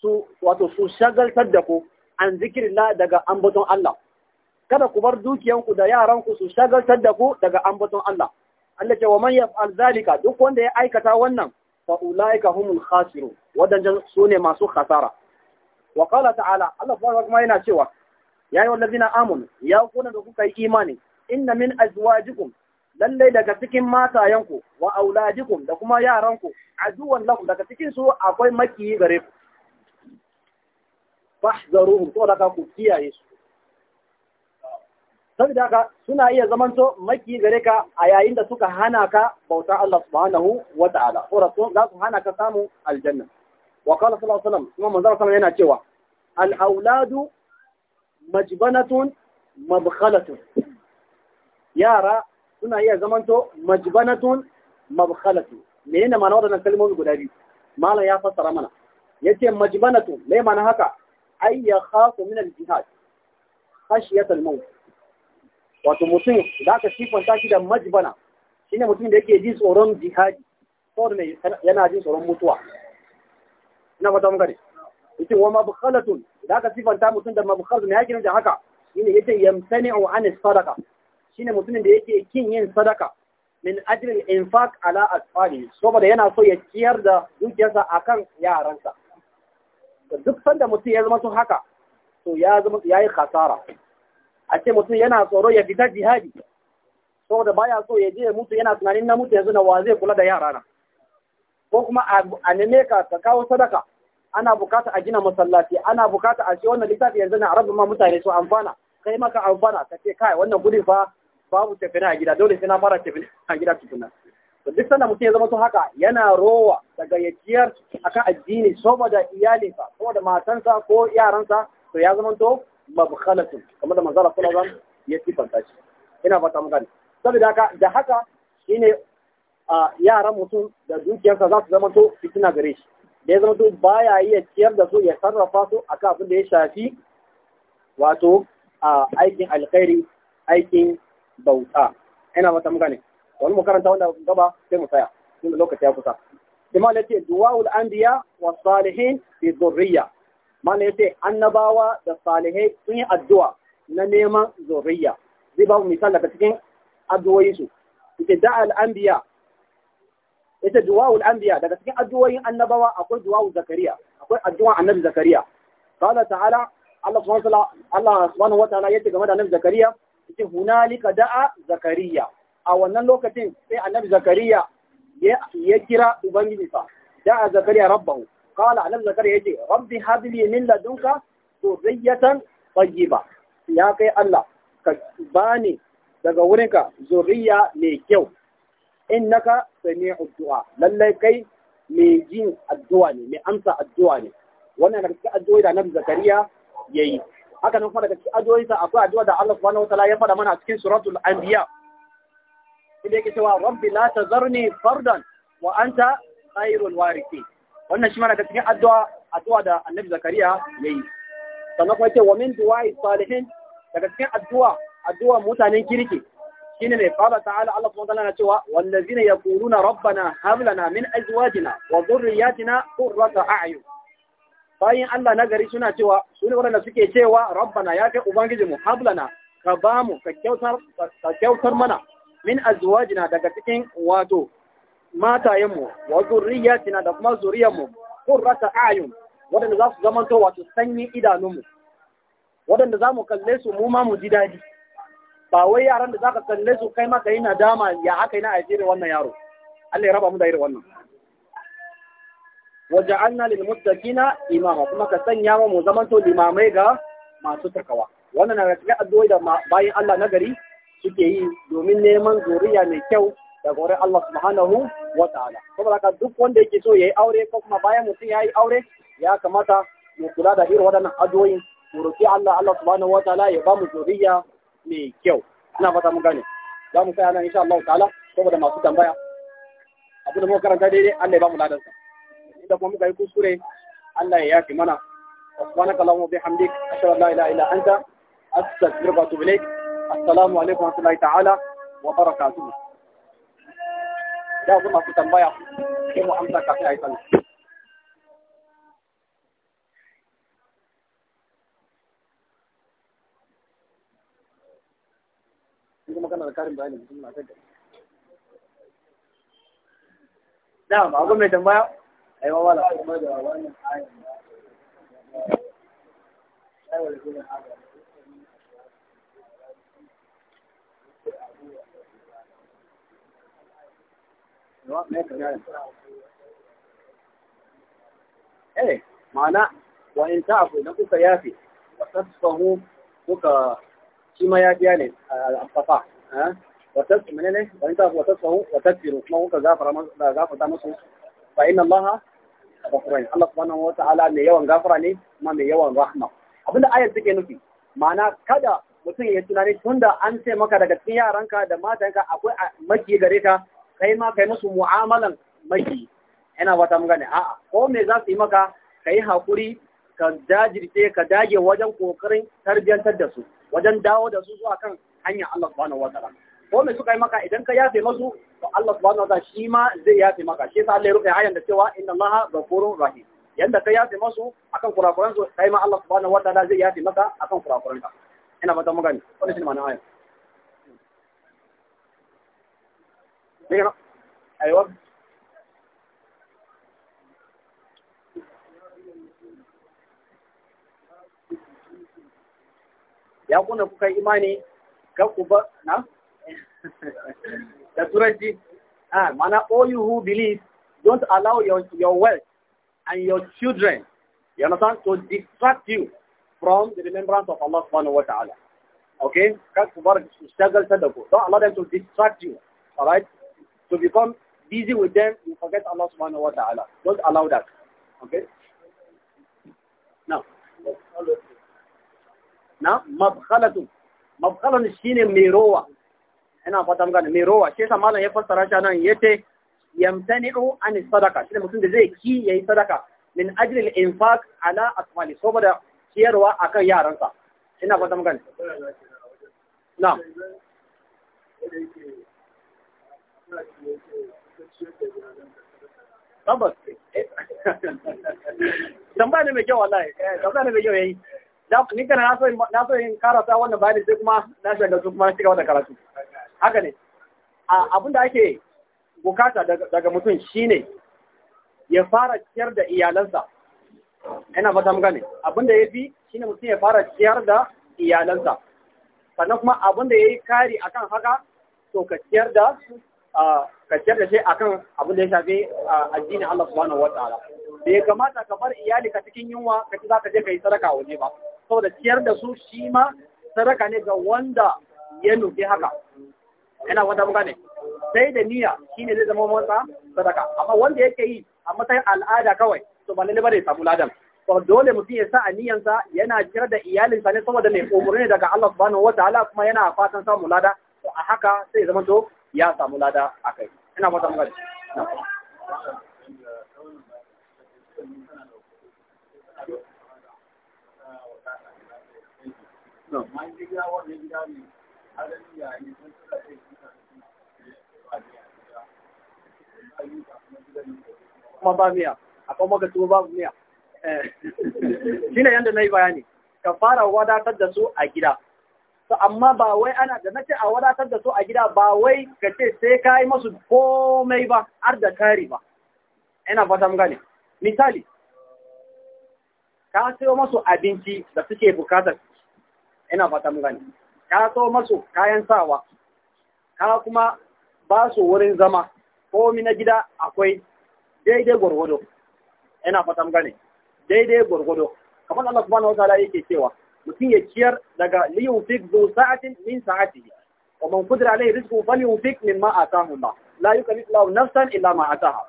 su wato su shagaltar da ku an zikirillah daga ambaton Allah kada ku bar dukiyanku da yaranku su shagaltar da ku daga ambaton Allah Allah ce wa man yaf'al zalika duk wanda ya aikata wannan fa ulaika humul khasirun wadannan sune masu khasara wa qala ta'ala Allah subhanahu kuma yana cewa ya ayyuhal ladzina amanu ya kuna da kuka yi imani inna min azwajikum lalle daga cikin matayanku wa auladikum da kuma yaranku aduwan lakum daga cikin su akwai makiyi gare ku fahzaruhum to daga ku kiyaye su saboda haka suna iya zamanto maki gare ka a yayin da suka hana ka bauta Allah subhanahu wa ta'ala ko rasu za su hana ka samu aljanna wa qala sallallahu alaihi wasallam kuma manzo sallallahu yana cewa al auladu majbanatun mabkhalatun yara suna iya zamanto majbanatun mabkhalatun menene ma'ana wadannan kalmomi guda biyu malam ya fassara mana yace majbanatun me ma'ana haka ay yakhafu min al jihad khashiyat maut wato mutum za ka sifanta shi da majbana ne mutum da yake ji tsoron jihadi saboda mai yana jin tsoron mutuwa ina fata mun gane yace wa mabkhalatun da ka sifanta mutum da mabkhalatun ne yake da haka ne yace yamsani'u an sadaqa ne mutumin da yake kin yin sadaka min ajrin infaq ala asfali saboda yana so ya ciyar da dukiyarsa akan yaransa duk sanda mutum ya zama sun haka to ya zama yayi khasara a ce mutum yana tsoro ya fita jihadi saboda baya so ya je mutu yana tunanin na mutu yanzu na wa zai kula da yara na ko kuma a neme ka ka kawo sadaka ana bukata a gina masallaci ana bukata a ce wannan littafi yanzu na arabu ma mutane su amfana kai maka amfana ka ce kai wannan gudun fa babu tafiya a gida dole sai na fara tafiya a gida tukuna to duk sanda mutum ya zama to haka yana rowa daga yajiyar akan addini saboda iyalinsa saboda matansa ko yaransa to ya zama to mabkhalatun kamar da manzala sallallahu alaihi ya sifanta shi ina fata mun gane saboda haka da haka shine yaran mutum da dukiyarsa za su zama to fitina gare shi da ya zama to baya iya ciyar da su ya sarrafa su akan abin da ya shafi wato aikin alkhairi aikin bauta ina fata mun gane wani mu karanta wanda gaba sai mu tsaya tun lokaci ya kusa imam yace du'aul anbiya wa salihin fi dhurriyyah mana yace annabawa da salihai sun yi addu'a na neman zurriya zai ba mu misal daga cikin addu'o'i su yace da al-anbiya duwawu du'a'ul daga cikin addu'o'in annabawa akwai du'a'u zakariya akwai addu'a annabi zakariya qala ta'ala Allah subhanahu wa ta'ala Allah subhanahu wa ta'ala yace game da annabi zakariya yace hunalika da'a zakariya a wannan lokacin sai annabi zakariya ya kira ubangiji sa da'a zakariya rabbahu qala annabi zakariya yace rabbi habli min ladunka zurriyatan tayyiba ya kai Allah ka bani daga ka zurriya mai kyau innaka sami'u du'a lallai kai mai jin addu'a ne mai amsa addu'a wannan daga cikin zakariya yayi haka nan kuma daga cikin addu'o'i sa akwai addu'a da Allah subhanahu wataala ya faɗa mana a cikin suratul anbiya inda yake cewa rabbi la tazarni fardan wa anta khairul warithin wannan shi ma daga cikin addu'a addu'a da annabi zakariya yayi sannan kuma yace wa min du'a'i salihin daga cikin addu'a addu'a mutanen kirki shine mai fara ta'ala Allah subhanahu wataala na cewa wallazina yaquluna rabbana hab lana min azwajina wa dhurriyyatina qurrata a'yun bayin Allah na gari suna cewa sune wanda suke cewa rabbana ya kai ubangiji mu hab lana ka bamu ka kyautar ka kyautar mana min azwajina daga cikin wato matayenmu wa zuriyatina da kuma zuriyarmu qurrata ayun waɗanda za su to wato sanyin idanunmu waɗanda za mu kalle su mu ma mu ji daɗi ba wai yaran da za ka kalle su kai maka yi nadama ya haka yi na wannan yaro Allah ya raba mu da irin wannan waja'alna lil muttaqina imama kuma ka sanya mu to limamai ga masu takawa wannan na cikin addu'o'i da bayan Allah nagari suke yi domin neman zuriya mai kyau daga wurin Allah subhanahu wata'ala saboda ka duk wanda yake so yi aure ko kuma bayan mutum ya yi aure ya kamata mu kula da irin waɗannan addu'o'in mu Allah Allah subhanahu wa ta'ala ya ba mu zuriya mai kyau ina fata mun gane za mu tsaya nan insha Allah ta'ala saboda masu tambaya abin da muka karanta daidai Allah ya ba mu ladansa inda kuma muka yi kuskure Allah ya yafi mana سبحانك اللهم وبحمدك اشهد ان لا اله anta انت استغفرك واتوب اليك السلام عليكم ورحمه الله تعالى وبركاته da su masu tambaya sai mu amsa kafin a yi sallah kuma kana da karin bayani mutum na kai da ba abu mai tambaya a yi mawala kuma da wannan ayin da ya wani eh ma'ana wa in ta'fu na kuka yafe, wa tasfahu kuka shi ma yafiya ne al-afafa eh? wa tasfahu menene wa in ta'fu wa tasfahu wa tadfiru kuma kuka gafara gafarta musu fa inna Allah ghafurun Allah subhanahu wa ta'ala mai yawan gafara ne kuma mai yawan rahma abinda ayat suke nufi ma'ana kada mutum ya tunani tunda an ce maka daga cikin yaranka da matanka akwai maki gare ka kai ma kai musu mu'amalan maki ina wata magana a'a ko me za su yi maka ka yi haƙuri ka jajirce ka dage wajen ƙoƙarin tarbiyyantar da su wajen dawo da su zuwa kan hanyar Allah subhanahu wataala ko me suka yi maka idan ka yafe musu to Allah subhanahu wataala shi ma zai yafe maka shi yasa Allah ya rufe ayan da cewa inna Allah ghafurur rahim yanda ka yafe musu akan kurakuran su kai ma Allah subhanahu wataala zai yafe maka akan kurakuran ka ina wata magana wannan shi ne ma'anar ayan ايوه ايوه ya kuna kuka imani ka ku ba na da turanci ah mana all you who believe don't allow your your wealth and your children you understand to distract you from the remembrance of Allah subhanahu wa ta'ala okay ka ku bar struggle don't allow them to distract you all right to become busy with them, you forget Allah subhanahu wa ta'ala. Don't allow that. Okay? Now. Now, mabkhalatun. Mabkhalatun shine mirowa, Ina fata mun gane mai rowa. Shi yasa malam na fassara shi nan yace yamtani'u an sadaqa. Shi mutum da zai ki yai sadaka min ajri al-infaq ala atfali saboda ciyarwa akan yaransa. Ina fata mga na. Now. tabbas tambaya ne mai kyau wallahi eh, tambaya ne mai kyau yayi ni kana na so in karasa wannan bayani sai kuma na shiga su kuma na shiga wannan karatu haka ne abin da ake bukata daga mutum shine ya fara ciyar da iyalansa ina fata mun gane abin da ya fi shine mutum ya fara ciyar da iyalansa sannan kuma abin da ya yi kari akan haka to ka ciyar da da a akan abin da ya shafi addinin Allah subhanahu wataala bai kamata ka bar iyali ka cikin yunwa ka ci zaka je kai sadaka waje ba saboda ciyar da su shi ma sadaka ne ga wanda ya nufi haka yana wanda muka ne sai da niyya shine zai zama masa sadaka amma wanda yake yi a matsayin al'ada kawai to ba lalle ba samu ladan to dole mutum ya sa a niyyansa yana ciyar da iyalinsa ne saboda mai umurni daga Allah subhanahu ta'ala kuma yana fatan samu lada to a haka sai zama to ya samu lada a kai ina mata magana No. kuma ba miya akwai magasu ba miya eh. shi ne yadda na yi bayani ka fara wadatar da su a gida to amma ba wai ana da nace a wadatar da su a gida ba wai ka ce sai ka yi masu komai ba har da kari ba ina fata mun gane misali ka sayo masu abinci da suke bukatar ina fata mun gane ka sayo masu kayan sawa ka kuma ba su wurin zama komi na gida akwai daidai gwargwado ina fata mun gane daidai gwargwado kamar Allah subhanahu wa ta'ala yake cewa mutum ya ciyar daga liyunfik zo sa'atin min sa'atihi wa man qadara alayhi rizquhu falyunfik mimma ataahu Allah la yukallifu Allahu nafsan illa ma ataaha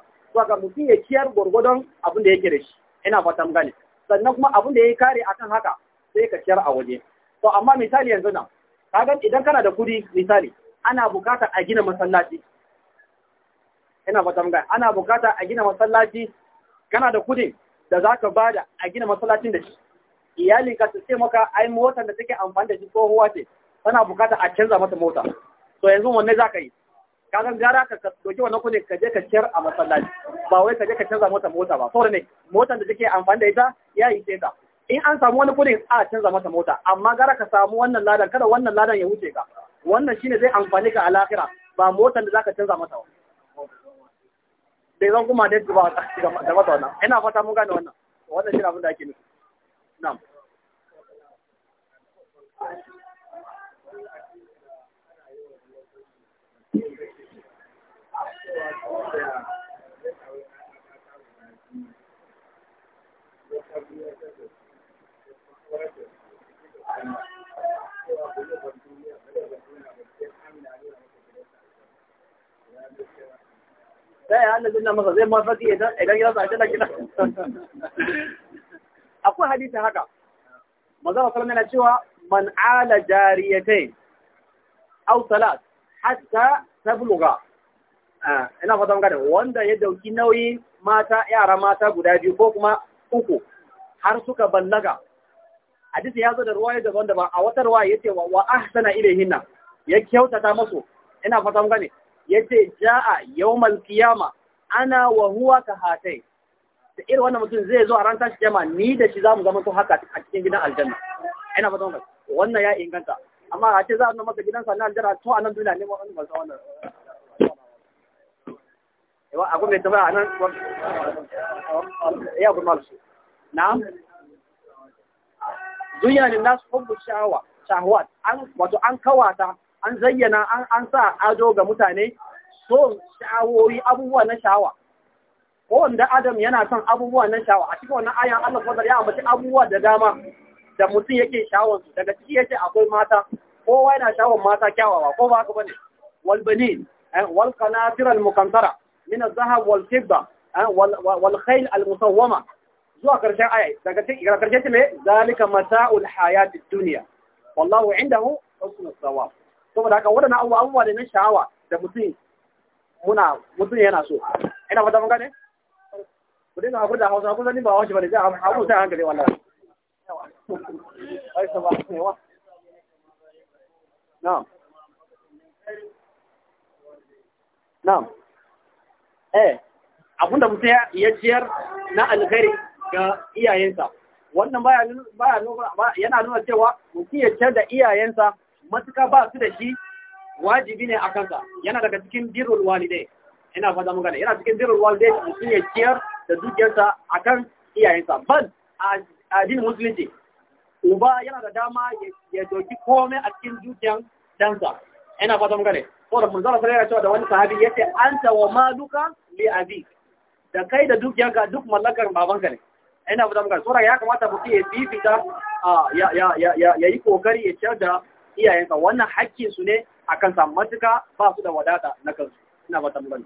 ka mutum ya ciyar gwargwadon abin da yake da shi ina fatan gani sannan kuma abin da ya kare akan haka sai ka ciyar a waje to amma misali yanzu nan kaga idan kana da kudi misali ana bukata a gina masallaci ina fatan gani ana bukata a gina masallaci kana da kudin da zaka bada a gina masallacin da shi iyalinka su ce maka ai motar da take amfani da shi tsohuwa ce tana bukata a canza mata mota to yanzu wanne za ka yi ka san gara ka doki wannan kuɗi ka je ka ciyar a masallaci ba wai ka je ka canza mata mota ba saboda ne motar da take amfani da ita ya yi ta in an samu wani kuɗin a canza mata mota amma gara ka samu wannan ladan kada wannan ladan ya wuce ka wannan shine zai amfani ka a lahira ba motar da zaka canza mata ba sai zan kuma da ba da mata wannan ina fata mun gane wannan wannan shi abin da ake nufi Na'am. Ta yi hannun nuna masa zai mafarki idan ya zai a cikin akwai hadisi haka manzo sallallahu yana cewa man ala jariyatayn aw salat hatta tabluga ah, ina fata wanda ya dauki nauyi mata yara mata guda biyu ko kuma uku har suka ballaga hadisi ya zo da ruwaya daban daban a wata ruwaya yace wa ahsana ilayhinna ya kyautata musu ina fata mun yace jaa yawmal qiyama ana wa huwa ka hatai da irin wannan mutum zai zo a ran tashi kiyama ni da shi za mu zama to haka a cikin gidan aljanna ina fata maka wannan ya inganta amma a ce za a nuna maka sa na aljanna to a nan duniya ne wannan ba wannan yawa akwai mai tambaya a nan ya kuma su na duniya ne nasu hubbu sha'awa shahwat an wato an kawata an zayyana an sa ado ga mutane so sha'awoyi abubuwa na sha'awa wanda adam yana son abubuwa na shawa a cikin wannan ayan Allah fadar ya ambaci abubuwa da dama da mutum yake shawon su daga ciki yake akwai mata kowa yana shawon mata kyawawa ko ba haka bane wal banin eh, wal qanatir al muqantara min al zahab wal fidda eh, wal khayl al musawwama zuwa karshen aya daga cikin daga karshen ne zalika mata'ul hayatid dunya wallahu indahu husnul thawab saboda haka wadannan abubuwa ne na shawa da mutum muna mutum yana so ina fata mun gane ku dinga hakuri da hausa kun sani ba wace bane sai abu sai hankali wallahi ai saba yawa na, na'am eh abinda mutum ya ciyar na alkhairi ga iyayensa wannan baya yana nuna cewa mutum ya ciyar da iyayensa matuka ba su da shi wajibi ne a kansa yana daga cikin birrul walide. ina fata mun gane yana cikin birrul walide, mutum ya ciyar da dukiyarsa kan iyayensa ban a addinin musulunci uba yana da dama ya doki komai a cikin dukiyan dansa ina fata muka ne. saboda mun zara sai ya cewa da wani sahabi yace an wa maluka li abi da kai da dukiyarka duk mallakar babanka ne ina fata muka ne. saboda ya kamata mutum ya fifita ya ya ya yi kokari ya ciyar da iyayensa wannan hakkinsu ne akan sa matuka ba su da wadata na kansu ina fata muka ne.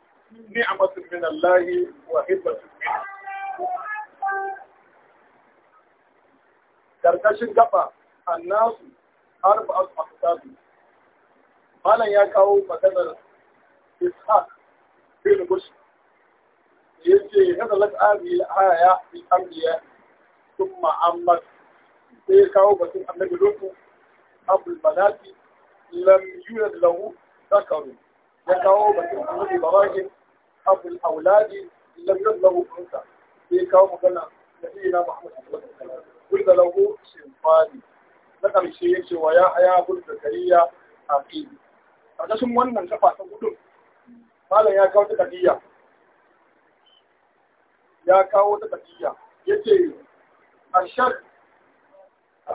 نعمة من الله وهبة منه karkashin gaba annasu arba al aqtabi malam ya kawo maganar ishaq bin bush yace hada lak abi aya bi anbiya thumma amma sai ya kawo batun annabi lutu abul malati lam yulad lahu zakaru ya kawo batun annabi ibrahim abul auladi lam yablagu kunsa sai kawo magana da ina Muhammad sallallahu alaihi wasallam kullu lahu sinfani na ƙarshe ya ce wa ya haya bul zakariya a fili ƙarƙashin wannan kafa ta gudun malam ya kawo ta ƙadiyya ya kawo ta ƙadiyya ya ce ashad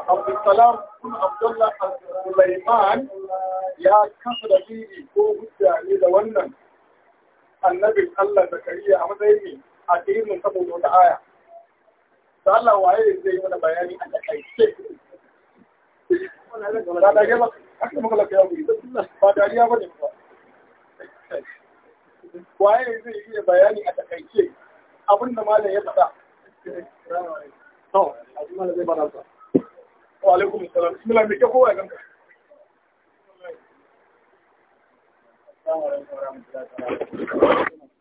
abdulsalam kun abdullah al-sulaiman ya kafa da ko hujja ne da wannan annabin Allah da kariya a matsayin ne a cikin saboda wata aya. Da Allah waye zai yi mana bayani a takaice. Ba da zai yi bayani a takaice abin da ya faɗa. Wa alaikum salam. Bismillah, me ke kowa ya Assalamu alaikum warahmatullahi wabarakatuh.